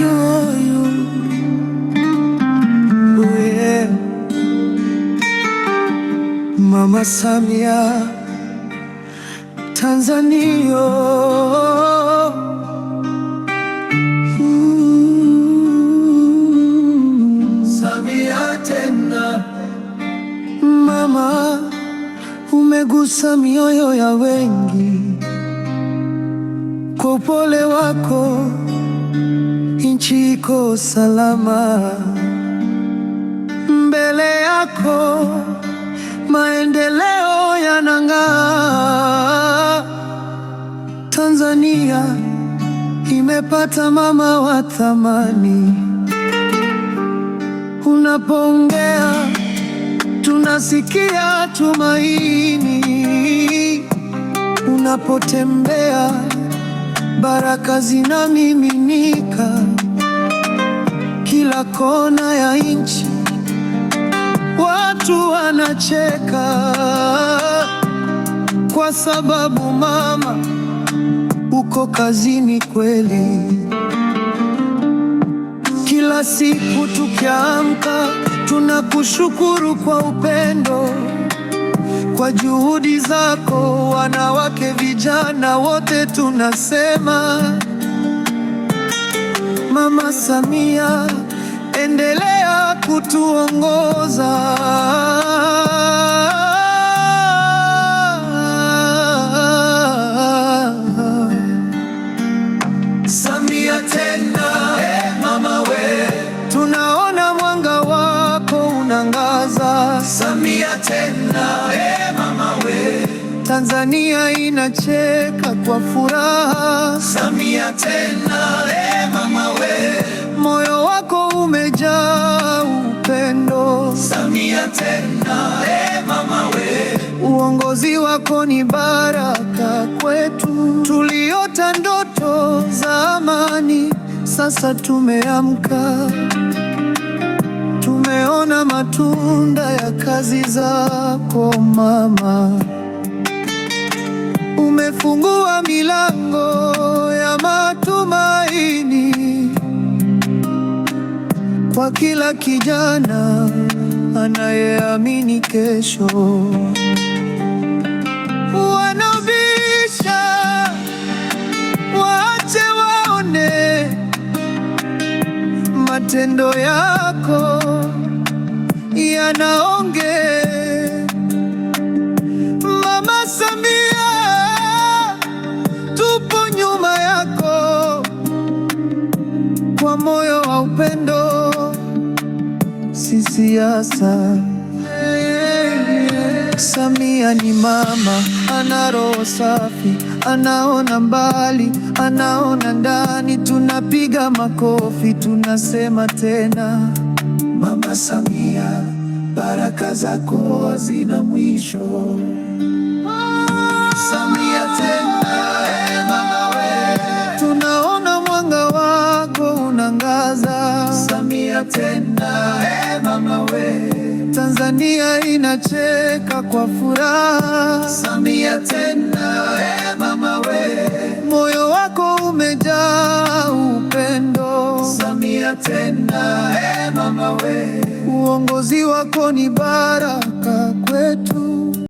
Oh, mama Samia Tanzania mm. Samia tena mama, umegusa mioyo ya wengi kwa upole wako niko salama mbele yako, maendeleo yanang'aa. Tanzania imepata mama wa thamani. Unapoongea tunasikia tumaini, unapotembea baraka zinamiminika. Kila kona ya nchi watu wanacheka, kwa sababu mama uko kazini kweli. Kila siku tukiamka, tunakushukuru kwa upendo, kwa juhudi zako. Wanawake, vijana wote tunasema Mama Samia endelea kutuongoza Samia tena, hey mama we, tunaona mwanga wako unangaza. Samia tena, hey mama we, Tanzania inacheka kwa furaha. Samia tena, hey tena e mama we, uongozi wako ni baraka kwetu, tuliota ndoto za amani, sasa tumeamka, tumeona matunda ya kazi zako mama, umefungua milango ya matumaini kwa kila kijana anayeamini kesho. wanabisha waache waone matendo yako yanaonge. Mama Samia, tupo nyuma yako kwa moyo wa upendo si siasa. Samia ni mama, ana roho safi, anaona mbali, anaona ndani. Tunapiga makofi, tunasema tena, Mama Samia, baraka zako hazina mwisho. Samia tena, eh, mama we, tunaona mwanga wako unangaza dunia tena. Hey, eh, mama we, Tanzania inacheka kwa furaha. Samia tena. Hey, eh, mama we, moyo wako umejaa upendo. Samia tena. Hey, eh, mama we, uongozi wako ni baraka kwetu.